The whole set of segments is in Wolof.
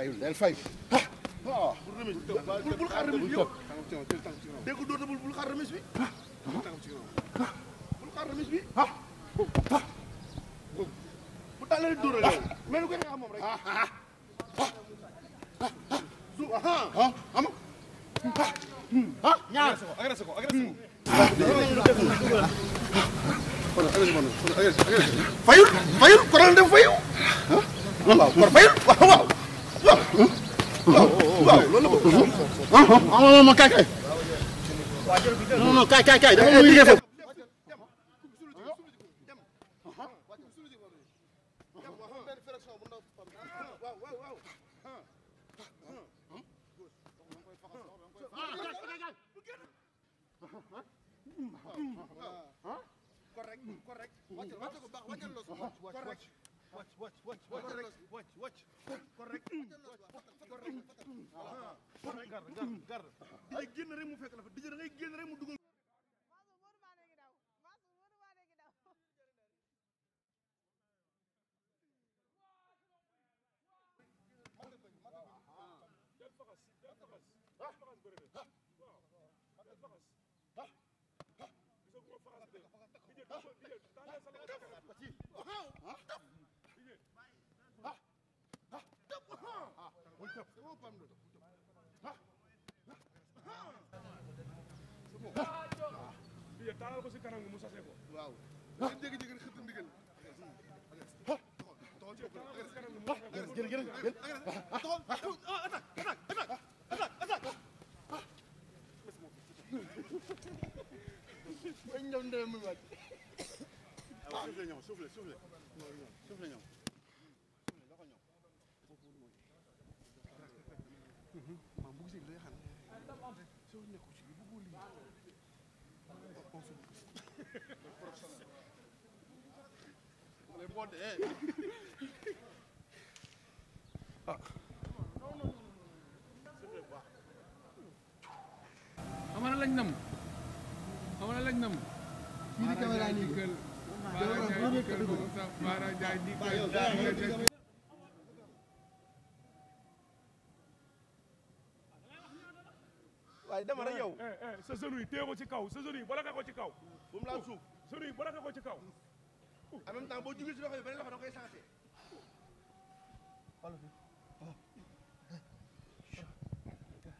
fayul del fay. ah waaw. bul bul xaar remise bi yow. dégg nga dootoo bul xaar remise bi. bul xaar remise bi. bu tàllalee dóor ak yow. mel ni ko nga moom rek. suuf ah am ah ñaar agressé ko agressé ko. Hmm. fayul fayul koral dem fayul. waaw waaw fayul waaw waaw. non non kay kay. non non kay kay kay dafa muy liggéey foofu. correct correct wàcc wàcc wàcc wàcc rek wàcc wàcc correct correct gar gar da génn rek mu fekk la fa di da ngay mu dugal biir taalal ko si kanam gi mu sase ko waaw leen jege jege xëtt ndigal attaque attaque attaque attaque ah. xam nga lañ nam xam nga lañ nam. fii di caméra nii. Mara Ndiaye waaye dama rek eh, yow. Eh, eh, sa genou yi téye ko ci kaw sa genou yi bala ka ko ci kaw. bu mu laal oh, suuf genou yi bala ka ko ci kaw. en même temps boo jugee si loxo yi beneen loxo da koy sensé.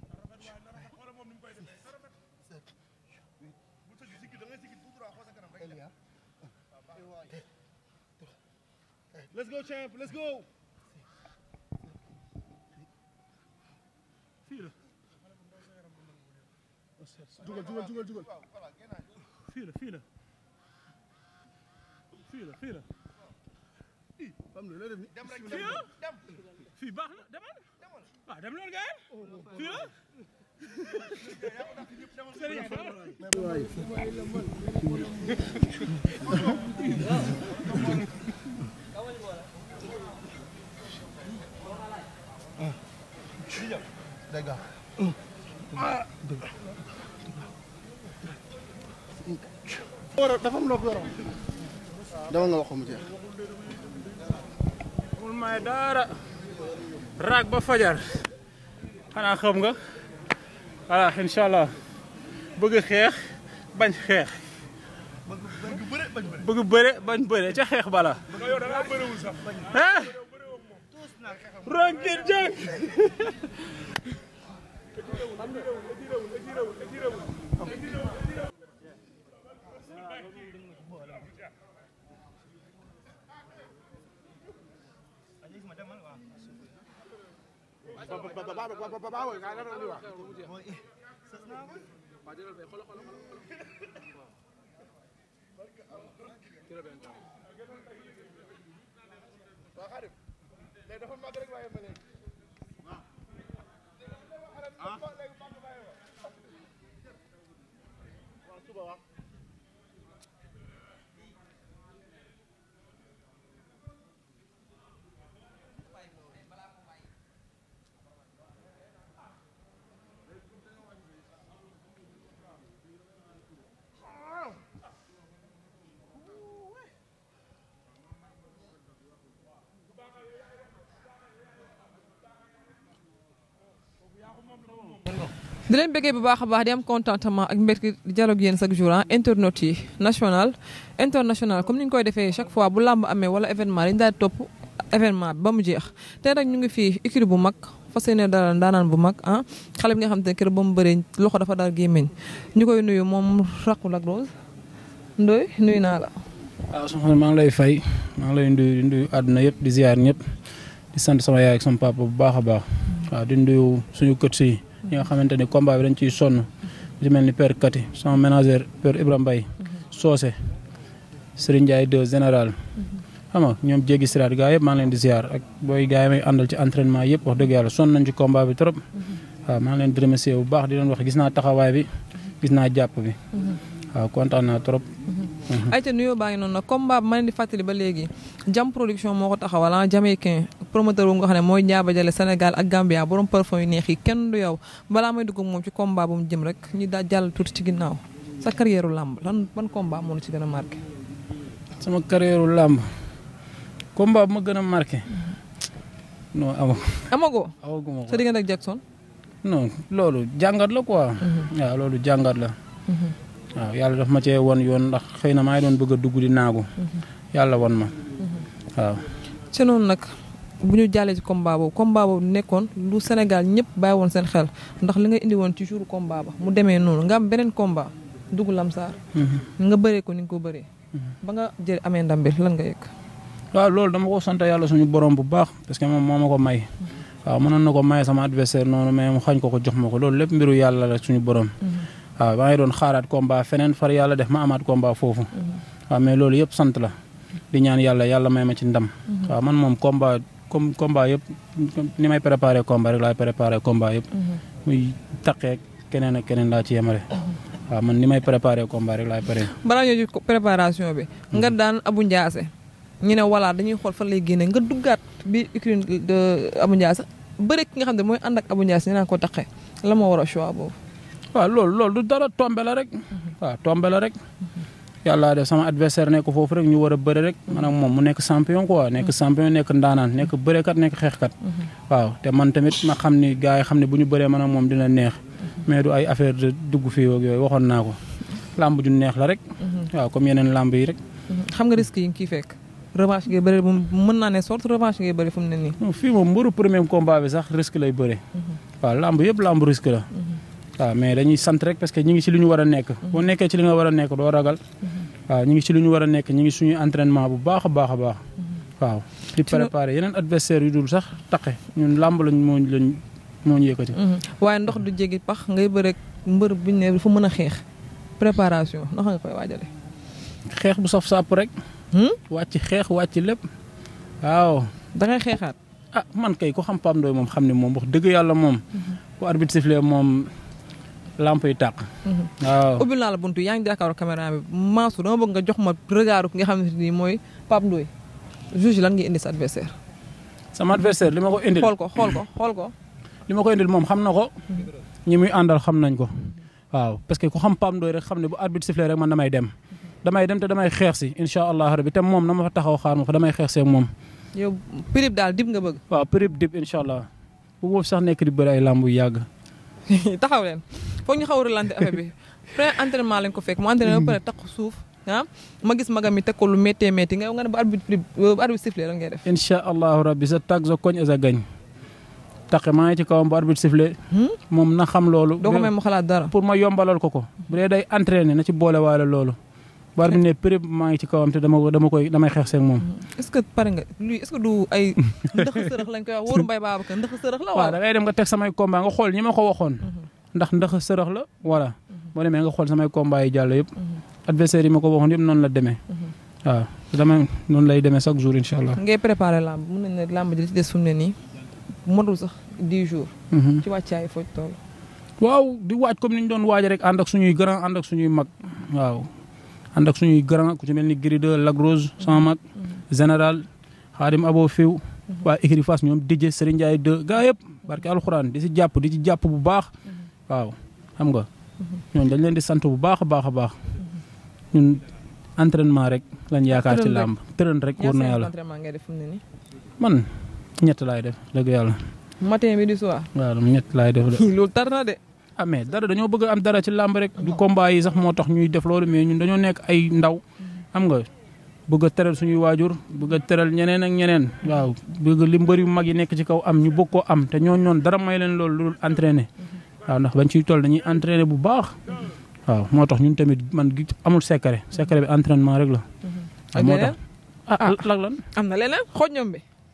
xoolal xoolal moom ni koy defee. bu tëjee sikki da ngay sikki tout droit Let's go champ, let's go. jugal jugal jugal jugal fii la fii la fii la fii la fii am na loo def ni fii la fii baax na demal waaw ah, dem loolu gaay fii la Legal. dafa am loo ko yoroon dama mu jeex ba fajar xam nga voilà ca xeex bala babaw nga la di wax fadel be xolo xolo xolo kilo ben taw wa xarif le dafa mag rek waaye ma leen ah suba wax di leen bëggee bu baax a baax di am contentement ak mbir di dialogue yéen chaque jour ah internautes yi national international comme ni ñu koy defee chaque fois bu làmb amee wala événement dañu daal topp événement bi ba mu jeex tey nag ñu ngi fii écurie bu mag fas yéene dalal ndaanaan bu mag ah xale bi nga xam te ne kër ba mu bëree loxo dafa dal gémmiñ ñu koy nuyu moom rakku Lac Rose Ndoye nuyu naa la. waaw soxna maa ngi lay fay maa ngi lay nuyu di nuyu àdduna yëpp di ziar ñëpp di sant sama yaay ak sama papa bu baax a baax mm. waaw di nuyu suñu kër si ñi nga xamante ni combat bi dañ ciy sonn ku ci mel ni père Kati sama ménagère père Ibrahima Mbaye Socé Serigne jaay deux général xam nga ñoom jéggi siraat gaa yëpp maa leen di ziar ak booy gaa yi may àndal ci entraînement yëpp wax dëgg yàlla sonn nañ ci combat bi trop waaw maa ngi leen di remercier bu baax di leen wax gis naa taxawaay bi gis naa jàpp bi mhm. waaw kontaan naa trop Mm-hmm. ayca nuyoo baa ngi noonu nag combat bi ma leen di fàttali ba léegi jam production moo ko taxawal ah jamaïcain promoteur bu nga xam ne mooy jaabajale Sénégal ak Gambia borom parfum yu neex yi kenn du yow balaa may dugg moom ci combat bu mu jëm rek ñu daal jàll tuuti ci ginnaaw sa carrière làmb lan ban combat moo la ci a marqué. sama carrière làmb ma gën a marqué. Mm-hmm. non amago amago amaguma ko Jackson. non loolu jàngat la quoi. Mm-hmm. loolu jàngat la. waaw yàlla daf ma cee won yoon ndax xëy na maa ngi doon bëgg a dugg di naagu. Mhm. yàlla won ma waaw. ci nag bu ñu jàllee ci combat boobu combat boobu nekkoon lu Sénégal ñëpp baay woon seen xel ndax li nga indi woon ci jour combat ba mu demee noonu nga am beneen combat dugg Lamsaar. Mhm. nga bëree ko ni nga ko bëree. Mhm. ba nga jël amee ndam bi lan nga yëg. waaw loolu dama ko sant yàlla suñu borom bu baax parce que moom moo ma ko may. waaw mënoon na ko may sama noonu mais xañ ko ko jox ma ko loolu lépp mbiru yàlla la suñu borom. waaw maa ngi doon xaaraat combat feneen far yàlla def ma amaat combat foofu mhm. waaw mais loolu yëpp sant la di ñaan yàlla yàlla may ma ci ndam mhm. waaw man moom combat comme combat yëpp ni may préparé combat rek laay préparé combat yëpp mhm. muy taqee keneen ak keneen laa ci yemale waaw man ni may préparé combat rek laay préparation bi nga daan Abou Ndiassé ñu ne voilà dañuy xool fan lay génne nga duggaat bi Ukraine de Abou Ndiassé bëri ki nga xam ne mooy ànd ak Abou Ndiassé ko taqee la moo war a choix waaw loolu loolu du dara tombe la rek waaw tombe la rek yàlla def sama adversaire nekk foofu rek ñu war a bëri rek man moom mu nekk champion quoi nekk champion nekk ndaanaan nekk bëreekat nekk kat waaw te man tamit ma xam ni gaa yi xam ne bu ñu bëree man ak moom dina neex mais du ay affaire de dugg fii ak yooyu waxoon naa ko làmb ju neex la rek waaw comme yeneen làmb yi rek xam nga risque yi nga ciy fekk revanche ngay bëri moom mën naa ne sorte revanche ngay ne nii sax risque lay bëre waaw làmb yëpp làmb risque la waaw mais dañuy sant rek parce que ñi ngi si lu ñu war a nekk boo mhm. nekkee ci li nga war a nekk doo ragal mhm. waaw ñi ngi si lu ñu war a nekk ñi ngi suñu entraînement bu baax a baax a baax mhm. waaw di préparer yeneen adversaire yu dul sax taqe ñun làmb lañ moo lañ moo ñu yëkkati waaye ndox du jéggi pax ngay bëre mbër buñ ne fu mën a xeex préparation ndox nga koy waajale xeex bu saf sàpp rek hmm? wàcc xeex wàcc lépp waaw da ngay xeexaat ah man kay ko xam Pape Ndoye moom xam ne moom wax dëgg lamp yi tàq. Mhm. waaw ubbil naa la buntu yaa ngi jàkkaarloo caméra bi Mansour dama bëgg nga jox ma regard ki nga xamante ni mooy Pape Ndoye juge lan nga indi sa adversaire. sama adversaire xool ko xool ko xool ko. li ma ko indil moom xam na ko. Mhm. ñi muy àndal ko. waaw parce que ku xam Pape Ndoye rek xam ne bu arbitre sifflé rek man damay dem. damay xeex si incha allah rabi te moom na ma fa taxaw xaar ma fa damay xeex see moom. yow prib daal dib nga bëgg. waaw prib dib incha allah bu boobu sax nekk di bëri ay làmb yàgg. taxaw leen foog ñu xaw a relanté affaire bi premier entraînement lañ ko fekk mu entraîné ba pare takku suuf ah ma gis magam mi te ko lu méttee métti nga nga ne bu arbitre bu arbitre sifflé lan ngay def. incha allahu rabbi sa tag sa koñ sa gañ. taqe maa ngi ci kawam bu arbitre sifflé. Hmm? moom na xam loolu. doo ko may mu xalaat dara pour ma yombalal ko ko. bu dee day entraîné na ci boolewaale loolu. war bi ne péréb maa ngi ci kawam te dama dama koy damay xeex seeg moom est-ce que pare nga luy est-ce que du ay ndax sërëx la waaw da ngay dem nga teg samay combat nga xool ñi ma ko waxoon mhm. ndax ndax sërëx la voilà mhm. boo demee nga xool samay combat yi mhm. la demee waaw dama noonu lay demee chaque jour incha allah. ngay préparé làmb mun nañu ne làmb ji ci des fu mu ne nii motul sax di waaj comme ni doon waaj rek ànd ak suñuy grand ànd ak suñuy mag waaw ànd ak suñuy grand ku mel ni Grideur Lac Rose sama mag mm-hmm. général Xaadim Abo Fiw mm-hmm. waa écurie Fass ñoom Dijje Serigne Ndiaye deux gaa yëpp barke alxuraan di si jàpp di ci jàpp bu baax mm-hmm. waaw xam nga ñoom dañ leen di sant bu baax a baax a baax ñun entrenement rek lañ yaakaar ci làmb tërën rek war na yàlla man ñett laay def dëgg yàlla matin laay def de amee ah, dara dañoo bëgg am dara ci làmb rek du combat yi sax moo tax ñuy def loolu mais ñun dañoo nekk ay ndaw xam nga bëgg a su ñuy waajur bëgg a ñeneen ak ñeneen waaw bëgg li yu mag yi nekk ci kaw am ñu bëgg koo am te ñoo ñoon dara may leen loolu lu entraîné waaw ndax bañ ciy toll dañuy entraîné bu baax waaw moo tax ñun tamit man gi amul secret secret bi entraînement rek la ah moo tax ah, ah, ah. lan am na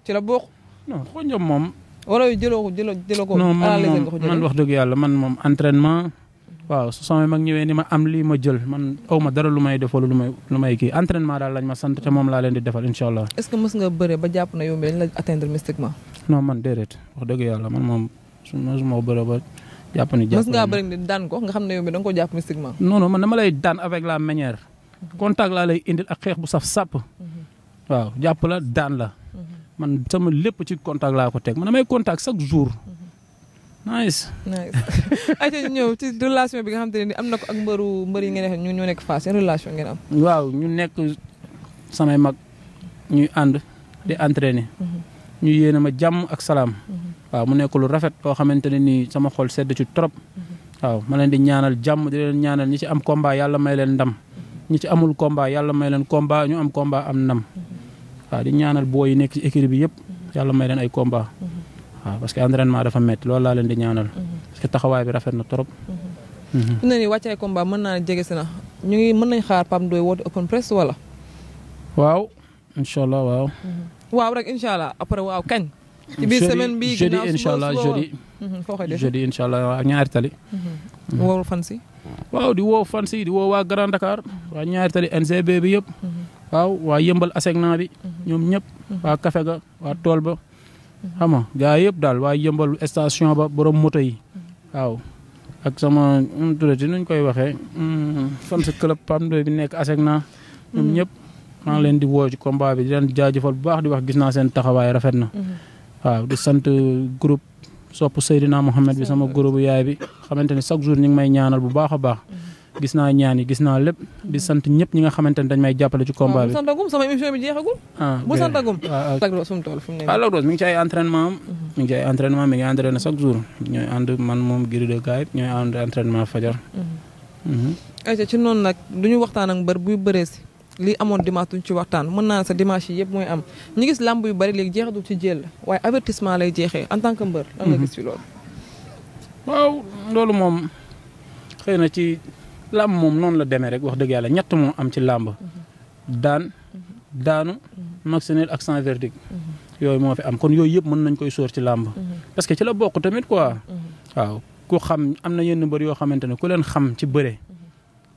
ci la bokk non moom wala jëloo ko jëloo ko. non man wax dëgg yàlla man moom entraînement. waaw su sama mag ñëwee ni ma am lii ma jël man aw ma dara lu may defal lu may lu may kii entraînement daal lañ ma sant te laa leen di defal incha allah. est ce que mës nga bëre ba jàpp na yow la atteindre mystiquement. non man yàlla man moom su ma su ma bëre ba jàpp ni. jàpp mës ngaa bëri ko nga xam ne yow mi da nga ko jàpp mystiquement. non non man dama lay daan avec la manière. Mhm. contact laa lay indil ak xeex bu saf sàpp. Mhm. waaw jàpp la daan la. Mhm. man sama lépp ci contact laa ko teg man damay contact chaque jour. nice. nice ayca ñu ñëw ci relation bi nga xamante ne nii am na ko ak mbëru mbër yi ngeen ñu ñoo nekk Fass seen relation ngeen am. waaw ñu nekk samay mag ñuy ànd di entraîner. Mhm. ñu yéene ma jàmm ak salaam. Mhm. waaw mu nekk lu rafet loo xamante ne nii sama xol sedd ci trop. Mhm. waaw ma leen di ñaanal jàmm di leen ñaanal ñi ci am combat yàlla may leen ndam. ñi ci amul combat yàlla may leen combat ñu am combat am ndam. waaw di ñaanal booy yi nekk ci équipe bi yëpp yàlla may leen ay combat waaw parce que entraînement dafa métti loolu laa leen di ñaanal parce que taxawaay bi rafet na trop fi na ni wàccaay combat mën naa jege na ñu mën nañ xaar Pape Ndoye woote open press wala waaw incha waaw rek incha après waaw kañ ci biir semaine bi mhm, jeudi incha allah jeudi jeudi incha allah ak ñaari mhm. woo fan waaw di woo fan di woo waa Grand Dakar waa ñaari NGB bi yëpp mhm. waaw waa yëmbal asegna bi mhm. ñoom ñëpp mhm. waa kafe ga waa mhm. tool ba xam nga gaa yëpp daal waa yëmbal station ba borom moto yi waaw ak sama turati nuñ koy waxee mm, fan bi nekk asegna ñoom ñëpp maa ngi leen di woo ci bi di leen jaajëfal bu baax di wax gis naa seen taxawaay rafet na waaw di sant groupe sopp Seydina Mohamed bi sama groupe yaay bi xamante ne chaque jour ñu ngi may ñaanal bu baax a baax gis naa ñaan yi gis naa lépp di sant ñëpp ñi nga xamante ne dañ may jàppale ci combat bi. waaw bu santagum sama émission bi jeexagul. ah bu santagum. waaw ah, ah. Lac Rose fu mu toll fu mu nekk. ah Lac Rose mi ngi ci ay entraînement am. Mhm. mi ngi ci ay entraînement mi ngi entraîné chaque jour ñooy ànd man moom Gris de Gaye ñooy ànd entraînement fajar. Mhm. Mhm. ayca ci noonu nag du ñu waxtaan ak mbër buy bëree si lii amoon dimanche duñ ci waxtaan mën naa sa dimanche yi yëpp mooy am ñu gis làmb yu bari léegi jeexatul ci jël waaye avertissement lay jeexee en tant que mbër. lan nga gis fi loolu. waaw loolu moom xëy na ci làmb moom noonu la demee rek wax dëgg yàlla ñett moo am ci làmb daan daanu maxinil ak sans verdict yooyu moo fi am kon yooyu yëpp mën nañ koy sóor ci làmb parce que ci la bokk tamit quoi waaw ku xam am na yenn mbër yoo xamante ne ku leen xam ci bëre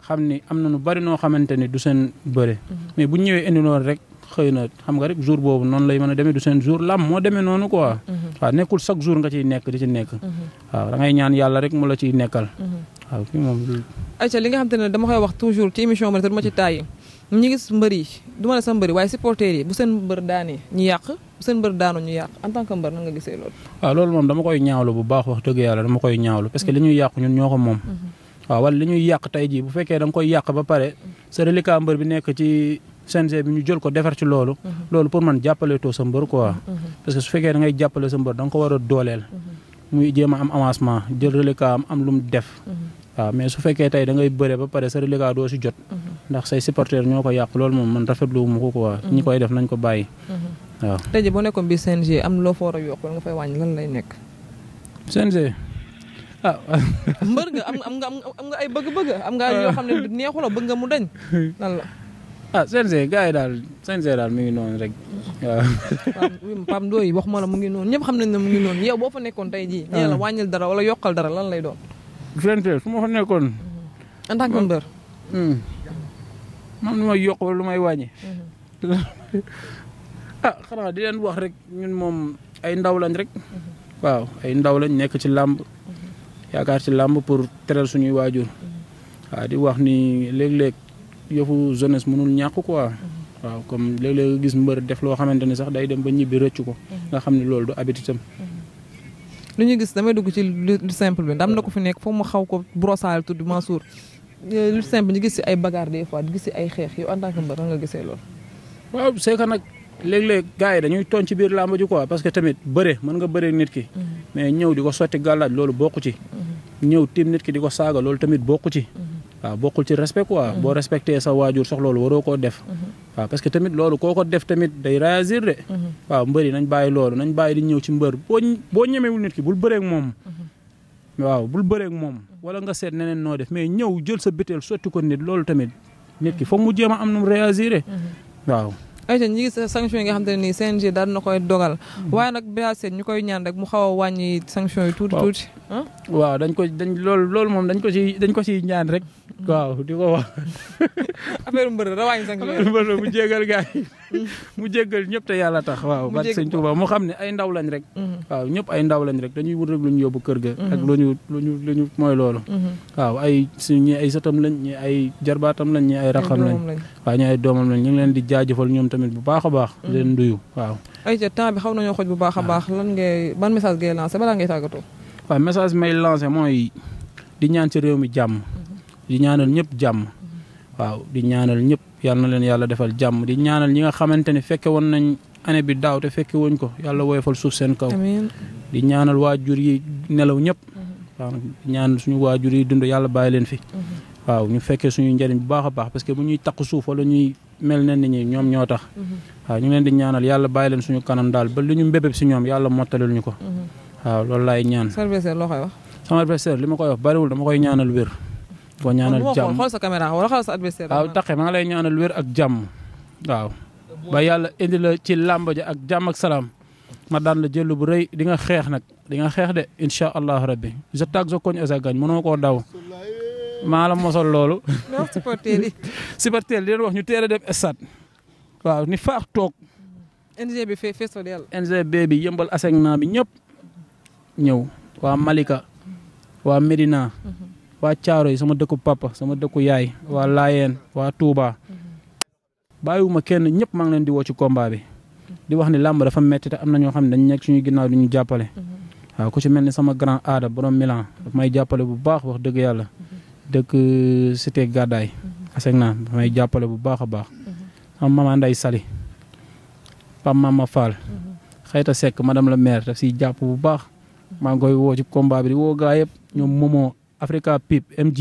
xam ni am na nu bari noo xamante ni du seen bëre mais bu ñëwee indi noonu rek xëy na xam nga rek jour boobu noonu lay mën a demee du seen jour làmb moo demee noonu quoi mhm. waaw nekkul chaque jour nga ciy nekk di ci nekk mhm. waaw da ngay la ciy nekkal mhm. waaw kii moom. ayca li nga xam te ne dama koy wax toujours ci émission bi te du ma ci tàyyi ñi gis mbër yi du ma ne sa mbër yi waaye supporters yi bu seen mbër daanee ñu yàq bu seen mbër daanoo ñu yàq en tant que mbër na nga gisee loolu. moom dama koy ñaawlu bu baax wax dëgg yàlla dama koy ñaawlu parce que li yàq ñun ñoo ko moom. Mhm. waaw wala li yàq tey jii bu fekkee da mhm. mhm. jàppale sa mbër quoi. ko war a dooleel. muy jéem a am avancement jël reliquat am am lu def. waaw mais su fekkee tey dangay ngay bëre ba pare sa reliquat doo jot mhm. ndax say supporters ñoo ko yàq loolu moom man rafetlu mu ko quoi mhm. ñi koy def nañ ko bàyyi mhm. waaw tey jii boo nekkoon bi CNG am loo fa a yokk nga fay wàññi lan lay ah. nga am nga ay bëgg-bëgg nga ah. neexu la bëgg nga mu dañ lan la ah CNG gars yi daal CNG daal mu ngi noonu rek waaw. Pape Ndoye waxuma la mu ngi noonu ñëpp xam nañ ne mu ngi noonu yow boo fa nekkoon tey jii. nee la ah. dara wala yokkal dara lan lay doon. CNG su ma fa nekkoon. en tant que mbër. man hmm. lu may yokk lu may wàññi. Mhm. ah xanaa di leen wax rek ñun moom ay ndaw lañ rek. Mhm. waaw ay ndaw lañ nekk ci làmb. Mhm. yaakaar ci làmb pour teral suñuy waajur. a di wax ni léeg-léeg yëfu jeunesse mënul ñàkk quoi. waaw comme léeg-léeg gis mbër def loo xamante ni sax day dem ba ñibbi rëcc ko. nga xam ne loolu du habitude am lu ñu gis damay dugg ci lu simple bi am na ko fi nekk foog mu xaw ko brosal tudd Mansour eh, lu simple ñu gis si ay bagarre des fois gis si ay xeex yow en tant que mbër nga gisee loolu. waaw c'est que nag léeg-léeg gars dañuy toon ci biir làmb ji quoi parce que tamit bëre mën nga bëre nit ki. Mm-hmm. mais ñëw di ko sotti gàllaaj loolu bokku ci. Mm-hmm. ñëw tiim nit ki di ko saaga loolu tamit bokku ci. Mm-hmm. waaw bokkul ci respect quoi mm-hmm. boo respecté sa waajur sax loolu waroo koo def mm-hmm. waaw parce que tamit loolu koo ko def tamit day réagir de mm-hmm. waaw mbëri nañ bàyyi loolu nañ bàyyi di ñëw ci mbër boo boo ñemewul nit ki bul bëreek moom waaw bul bëreek moom wala nga seet neneen noo def mais ñëw jël sa biteel sotti ko nit loolu tamit nit ki foog mu jéem a am nu mu réagir waaw ayca ñi yi nga xam ne nii CNG daal na koy dogal waaye nag Bira Sène ñu koy ñaan rek mu xaw a wàññi sanction yi tuuti tuuti ah? waaw dañ ko dañ loolu loolu moom dañ ko ci dañ ko ciy ñaan rek waaw di ko wax. affaire mbër rawaañ sang mbër mu jégal gars yi mu jégal ñëpp te yàlla tax waaw bat sëñ Touba mu xam ne ay ndaw lañ rek mm-hmm. waaw ñëpp ay ndaw lañ rek dañuy wut rek lu ñu yóbbu kër ga mm-hmm. ak lu ñu lu ñu lu ñu mooy loolu mm-hmm. waaw ay su ñi ay satam lañ ñi ay jarbaatam lañ ñi ay raxam lañ waaw ñi ay doomam lañ ñu ngi leen di jaajëfal ñoom tamit bu baax a baax leen nuyu waaw ay ca temps bi xaw nañoo xoj bu baax a baax lan ngay ban message ngay lancé balaa ngay tàggatoo waaw message may di ñaan ci réew mi jàmm di ñaanal ñëpp jàmm waaw di ñaanal ñëpp yal na leen yàlla defal jàmm di ñaanal ñi nga xamante ni fekke woon nañ année bi daaw te fekke wuñ ko yàlla woyofal suuf seen kaw di ñaanal waajur yi nelaw ñëpp waaw di ñaanal suñu waajur yi dund yàlla bàyyi leen fi waaw ñu fekkee suñu njëriñ bu baax a baax parce que bu ñuy takk suuf wala ñuy mel ne nit ñi ñoom ñoo tax waaw ñu ngi leen di ñaanal yàlla bàyyi leen suñu kanam daal ba ñu mbébéb si ñoom yàlla mottalil ñu ko waaw loolu li ma koy ko ñaanal jàmm xool sa caméra wala waaw taxe maa ngi lay ñaanal wér ak jàmm waaw ba yàlla indi la ci làmb ja ak jàmm ak salaam ma daan la jël bu rëy di nga xeex nag di nga xeex de incha allah rabbi je tag sa koñ asa gañ daw maa la mosol loolu supporter yi supporter leen wax ñu teel dem stade waaw ni faax toog NGB fee bi yëmbal asegna bi ñëpp ñëw waa Malika waa Medina mhm. waa yi sama dëkku papa sama dëkku yaay waa Laayeen waa baa Touba ma kenn ñëpp maa ngi leen di woo ci combat bi di wax ni làmb dafa metti am na ñoo xam ne dañu nekk suñu ginnaaw di ñu jàppale. waaw ku ci mel ni sama grand aada borom Milan daf may jàppale bu baax wax dëgg yàlla dëkk euh, cité gàddaay aseg naa jàppale bu baax a baax. sama mama Nday Sali pam mama Fall xëyta sekk madame la maire daf siy jàpp bu baax maa ngi koy woo ci combat bi di woo gaa yëpp ñoom momoo Africa PIP MG.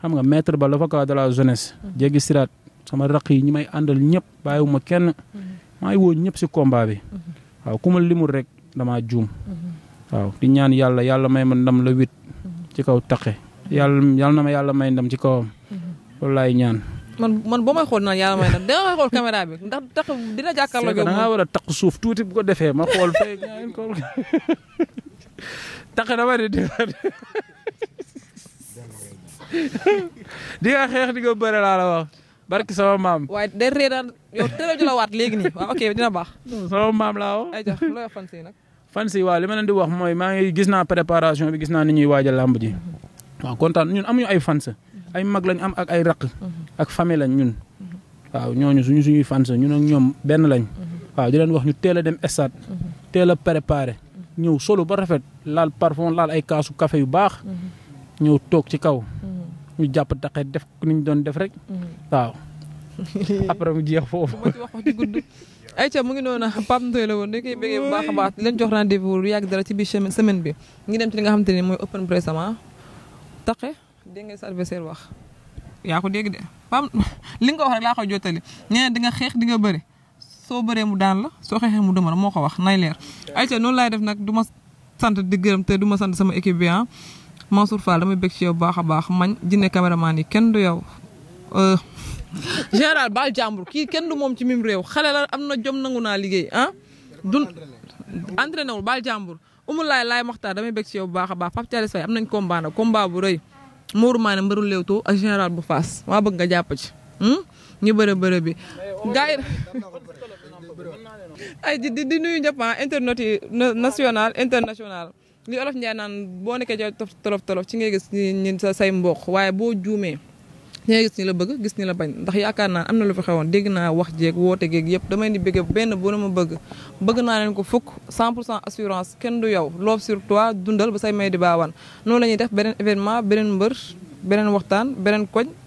xam nga maître ba l'avocat de la jeunesse. Mm-hmm. jéggi siraat sama raq yi ñi may àndal ñëpp ma kenn. Mm-hmm. maa ngi woo ñëpp si combat mm-hmm. waaw ku ma limul rek damaa juum. waaw di ñaan yàlla yàlla may ma ndam la huit. ci kaw taqe yàlla yàlla na ma yàlla may ndam ci kawam. loolu laay ñaan. man man boo may xool naan yàlla may ndam da nga ndax tax taq suuf tuuti bu ko defee ma xool fee. taqe dama di di nga xeex di nga bëre laa la wax barki sama maam. waaye day reedaan yow tëral ju la waat léegi nii waaw ok dina baax. sama maam laa nag. fan si waaw di wax mooy maa ngi gis naa préparation bi gis naa ni ñuy waajal làmb ji. kontaan ñun amuñu ay fans ay mag lañ am ak ay raq ak lañ ñun. waaw ñooñu suñu suñuy fans ñun ak ñoom benn lañ. waaw di wax ñu teel a dem stade. teel a préparé. ñëw solo ba rafet laal parfum laal ay kaasu café yu baax. ñëw toog ci kaw. ñu jàpp taxee def ni ñu doon def rek. Mm. waaw. après mu jeex foofu. ma ci wax ci gudd. ayca mu ngi noonu Pape Ndoye la woon dañ koy bëggee bu baax a baax di leen jox rendez-vous yàgg dara ci biir semaine bi ngi dem ci li nga xamante ne mooy open press ama taxe dégg nga sa adversaire wax. yaa ko dégg de Pape li nga ko wax rek laa a jottali nee na di nga xeex di nga bëri soo bëree mu daan la soo xeexee mu dëmar moo ko wax nay leer. ayca noonu laay def nag du sant di te du sant sama équipe bi ah. Mansour Fall damay bëgg ci yow baax a baax mañ jinne caméraman yi kenn du yow. Euh. général Baal jàmbur kii kenn du moom ci mim réew xale am na jom nangu naa liggéey ah. du entraîné wul Baal jàmbur Oumou Laye Laye Mokhtar damay bëgg ci yow baax a baax Pape Thialis Faye am nañ combat nag bu rëy Mourou Mané mbaru Leewtoo ak général bu Faas maa bëgg nga jàpp ci. Hmm? ñu bëre bëre ay di nuyu ñëpp ah, national international li olof Ndiaye naan boo nekkee ci tolof tolof ci ngay gis ñi sa say mbokk waaye boo juumee ci ngay gis ñi la bëgg gis ñi la bañ ndax yaakaar naa am na lu fi xewoon dégg naa wax jeeg woote geeg yépp damay ni bëgge benn bu ma bëgg bëgg naa leen ko fukk 100 pour cent assurance kenn du yow loob sur dundal ba say may di baawaan noonu la ñuy def beneen événement beneen mbër beneen waxtaan beneen koñ